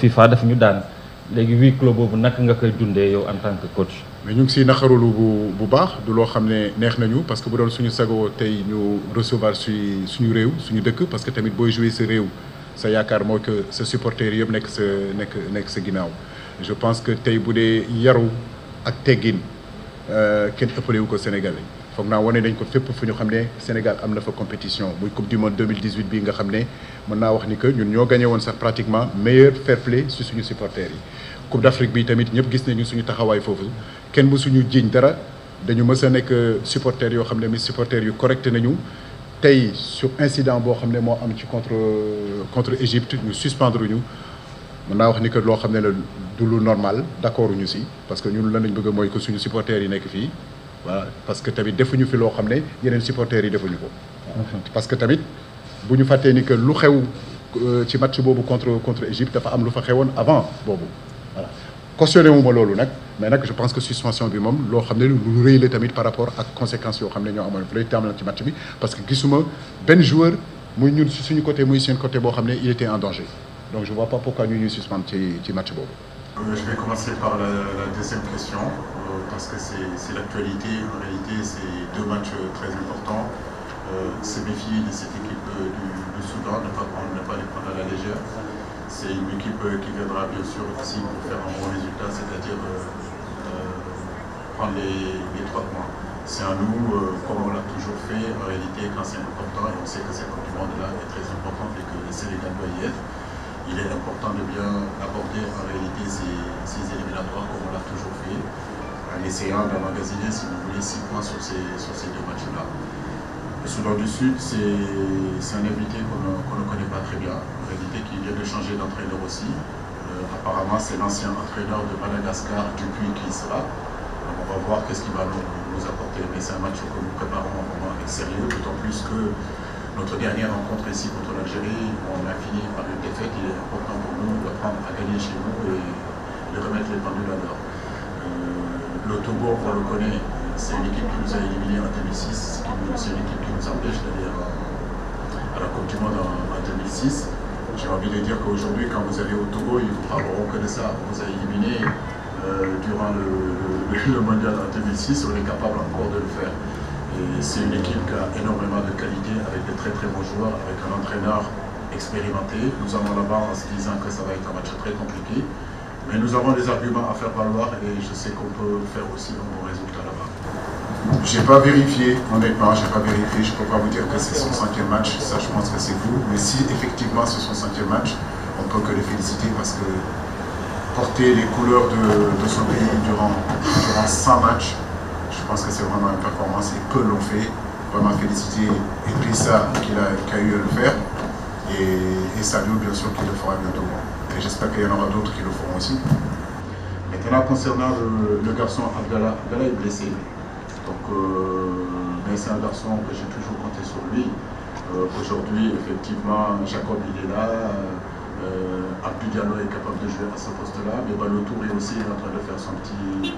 FIFA daf ñu daan léegi huis club bobu nak nga koy dundee yow en tant que coach. mais ñu ngi siy naqarulu bu bu baax du lo xamné neex nañu parce que bu doon suñu sago tay ñu recevoir suy suñu réew suñu dëkk parce que tamit boy jouer ce réew sa yaakaar mo que ce supporter yëpp nek ce nek nek ce ginnaaw je pense que tey bu dee yaru ak teggin euh, kenn ëppalewu ko Sénégalais nous avons fait nañ ko le Sénégal am na compétition la coupe du monde 2018 nga gagné pratiquement sax meilleur fair play sur nos supporters La coupe d'Afrique, nous bi tamit nous gis qui suñu nous, Nous nous bu suñu Nous dañu a supporters nous, supporters yu nous, nañu. sur incident contre contre Égypte nous Nous nous mën wax normal d'accord. parce que nous supporters voilà parce que tamit defuñu fi lo xamné yeneen supporters yi defuñu ko. parce que tamit buñu faté ni que lu xew euh, ci match bobu contre contre Égypte dafa am lu fa xewoon avant bobu voilà. cautionné wu ma loolu nag mais nak je pense que suspension bi mom lo xamné lu rëy tamit par rapport à conséquences yo xamné ñoo amone fële tàmbali ci match bi parce que gisuma ben joueur muy ñun suñu côté muy seen côté bo xamné il était en danger donc je vois pas pourquoi ñu ñuy suspendre ci ci match bobu euh, je vais commencer par la, deuxième question, euh, parce que c'est l'actualité. En réalité, c'est deux matchs très importants. C'est euh, méfier de cette équipe du, Soudan, ne pas, ne pas les prendre à la légère. C'est une équipe qui viendra bien sûr aussi pour faire un bon résultat, c'est-à-dire prendre les, trois points c'est à nous, comme on l'a toujours fait, en réalité, quand c'est important, et on sait que cette Coupe là est très importante et que le Sénégal doit y être, il est important de bien apporter en réalité ces, ces éliminatoires comme on l'a toujours fait, en essayant d'emmagasiner, si vous voulez, six points sur ces, sur ces deux matchs-là. Le Soudan du Sud, c'est un invité qu'on ne connaît pas très bien, en réalité qui vient de changer d'entraîneur aussi. Euh, apparemment, c'est l'ancien entraîneur de Madagascar, depuis qui sera. on va voir qu'est-ce qu'il va nous, nous apporter, mais c'est un match que nous préparons vraiment avec sérieux, d'autant plus que notre dernière rencontre ici contre l'Algérie, on a fini par le défaite. qu'il est important pour nous d'apprendre à gagner chez nous et de remettre les pendules à l'heure. Euh, le Togo, on le connaît, c'est une équipe qui nous a éliminés en 2006, c'est une équipe qui nous empêche d'aller à, la Coupe du Monde en, 2006. J'ai envie de dire qu'aujourd'hui, quand vous allez au Togo, on vous ça. On vous a éliminé euh, durant le, le mondial en 2006, on est capable encore de le faire. C'est une équipe qui a énormément de qualité, avec des très très bons joueurs, avec un entraîneur expérimenté. Nous avons là-bas en se disant que ça va être un match très compliqué. Mais nous avons des arguments à faire valoir et je sais qu'on peut faire aussi un bon résultat là-bas. Je n'ai pas vérifié, honnêtement, je n'ai pas vérifié. Je ne peux pas vous dire que c'est son cinquième match, ça je pense que c'est vous. Mais si effectivement c'est son cinquième match, on ne peut que le féliciter parce que porter les couleurs de, son pays durant, durant 100 matchs, je pense que c'est vraiment une performance et que l'on fait. Vraiment féliciter Idrissa qui a, a eu à le faire et, et bien sûr qui le fera bientôt. Et j'espère qu'il y en aura d'autres qui le feront aussi. Maintenant concernant le, garçon Abdallah, Abdallah est blessé. Donc euh, c'est un garçon que j'ai toujours compté sur lui. Euh, aujourd'hui, effectivement, Jacob il est là. Euh, est capable de jouer à ce poste-là, mais le tour est aussi en train de faire son petit,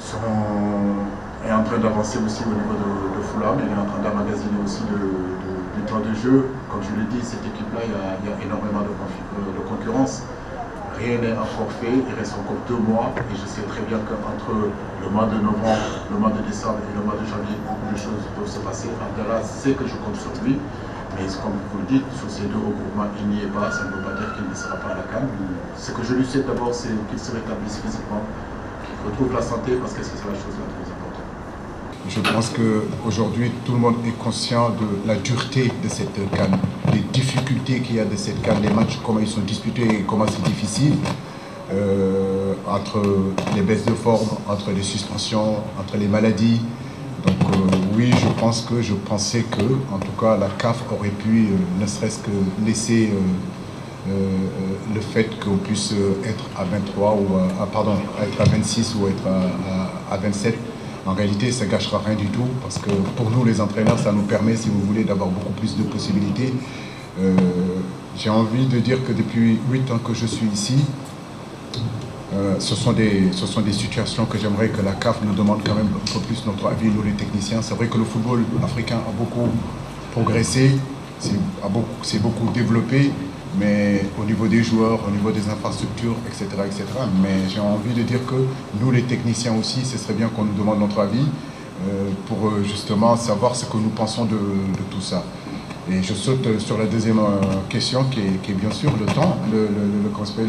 est en train d'avancer aussi au niveau de, de Fulham. il est en train d'amagasiner aussi du temps de jeu. Comme je l'ai dit, cette équipe-là, il, y, a énormément euh, de, concurrence. Rien n'est encore fait, il reste encore deux mois et je sais très bien qu'entre le mois de novembre, le mois de décembre et le mois de janvier, beaucoup de choses peuvent se passer. Abdallah sait que je compte sur lui, mais comme vous le dites, sur ces deux regroupements, il n'y est pas, ça ne veut pas dire qu'il ne sera pas à la canne. Ce que je lui souhaite d'abord, c'est qu'il se rétablisse physiquement retrouve la santé parce que c'est la chose la plus importante. Je pense que aujourd'hui tout le monde est conscient de la dureté de cette canne, des difficultés qu'il y a de cette canne, les matchs, comment ils sont disputés et comment c'est difficile. Euh, entre les baisses de forme, entre les suspensions, entre les maladies. Donc euh, oui, je pense que je pensais que, en tout cas, la CAF aurait pu, euh, ne serait-ce que laisser euh, euh, le fait qu'on puisse euh, être à 23 ou à, pardon, être à 26 ou être à, 27, en réalité, ça ne gâchera rien du tout parce que pour nous, les entraîneurs, ça nous permet, si vous voulez, d'avoir beaucoup plus de possibilités. J'ai envie de dire que depuis 8 ans que je suis ici, ce, sont des, ce sont des situations que j'aimerais que la CAF nous demande quand même un peu plus notre avis, nous les techniciens. C'est vrai que le football africain a beaucoup progressé, c'est beaucoup, beaucoup développé, mais au niveau des joueurs, au niveau des infrastructures, etc. etc. Mais j'ai envie de dire que nous, les techniciens aussi, ce serait bien qu'on nous demande notre avis euh, pour euh, justement savoir ce que nous pensons de, tout ça. Et je saute euh, sur la deuxième question qui est, bien sûr le temps, le, le,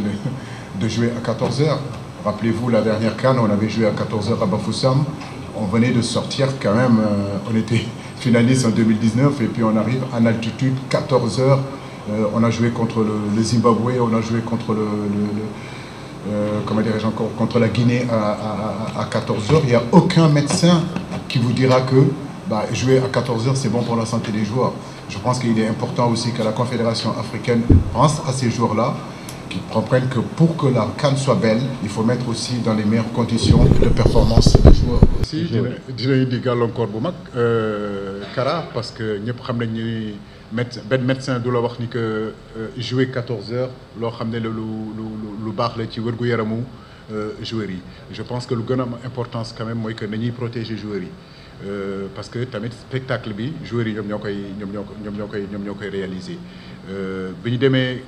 de jouer à 14h. Rappelez-vous, la dernière canne, on avait joué à 14h à Bafoussam. On venait de sortir quand même, on était finaliste en 2019 et puis on arrive en altitude 14 h euh, on a joué contre le, Zimbabwe, on a joué contre le, euh, contre la Guinée à, 14h. Il n'y a aucun médecin qui vous dira que bah, jouer à 14h, c'est bon pour la santé des joueurs. Je pense qu'il est important aussi que la Confédération africaine pense à ces joueurs-là, qu'ils comprennent que pour que la canne soit belle, il faut mettre aussi dans les meilleures conditions de performance les joueurs. Si, je vais dire encore euh, parce que ben benn médecin du wax ni que euh, jouer 14 heures lo xamné le lu lu lu la ci wérgu yaramu euh, joueurs yi je pense que lu gëna importance quand même moy que nañuy protéger joueurs yi euh, parce que tamit spectacle bi joueurs yi ñoom ñoo koy ñoom ñoo ko ñoom ñoo réaliser euh biñu démé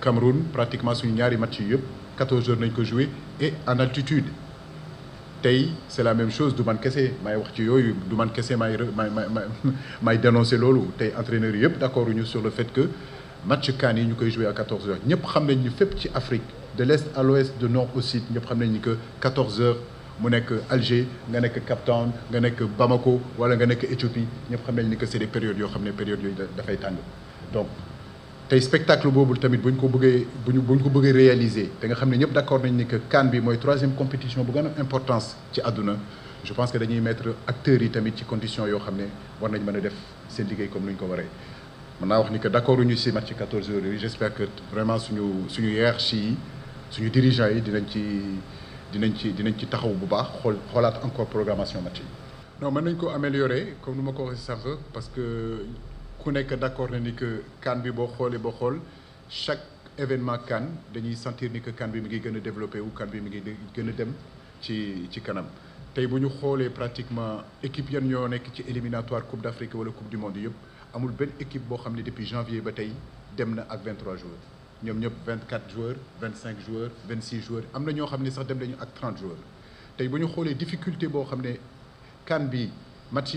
Cameroun pratiquement suñu ñaari match yi 14 heures nañ ko jouer et en altitude Tay, c'est la même chose du man kese may wax ci yooyu du man may may dénoncer loolu tey entraîneurs d'accord ñu sur le fait que match CAN nous ñu koy jouer à 14 h Nous xam nañ ni ci Afrique de l'est à l'ouest de nord au sud Nous xam ni que 14 heures mu nekk Alger nga nekk Cape Town nga nekk Bamako wala nga nekk Éthiopie Nous xam que c'est des périodes yoo xam périodes périodes yooyu dafay donc tey spectacle boobu tamit buñ ko bëggé bu ñu ko bëggé réaliser te nga xamné ñëpp d'accord nañ ni que CAN bi moy 3e compétition bu gën importance ci aduna je pense que dañuy mettre acteurs yi tamit ci condition yo xamné war nañ mëna def seen liggéey comme ni ko waré mën naa wax ni que d'accord ñu ci match 14 h yi j'espère que vraiment suñu suñu hiérarchie suñu dirigeant yi dinañ ci dinañ ci dinañ ci taxaw bu baax xool xoolaat encore programmation match non mën nañ ko améliorer comme nu ma ko waxee sànq parce que ku est d'accord que CAN bi chaque événement CAN dañuy sentir que CAN bi mi ngi développé ou CAN bi mi ngi gën dem ci ci kanam tey bu pratiquement équipe yan qui éliminatoire Coupe d'Afrique ou la Coupe du Monde yëpp amul belle équipe qui, depuis janvier ba tey dem 23 joueurs ñoom ñëpp 24 joueurs 25 joueurs 26 joueurs am na ñoo 30 joueurs tey bu ñu xoolee difficulté boo xam ne CAN bi match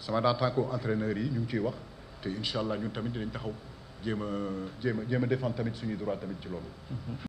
sama en tant que yi ñu ngi ciy wax te incha allah ñun tamit dinañ taxaw jéem a jéem a jéem a défendre tamit suñuy droit tamit ci loolu.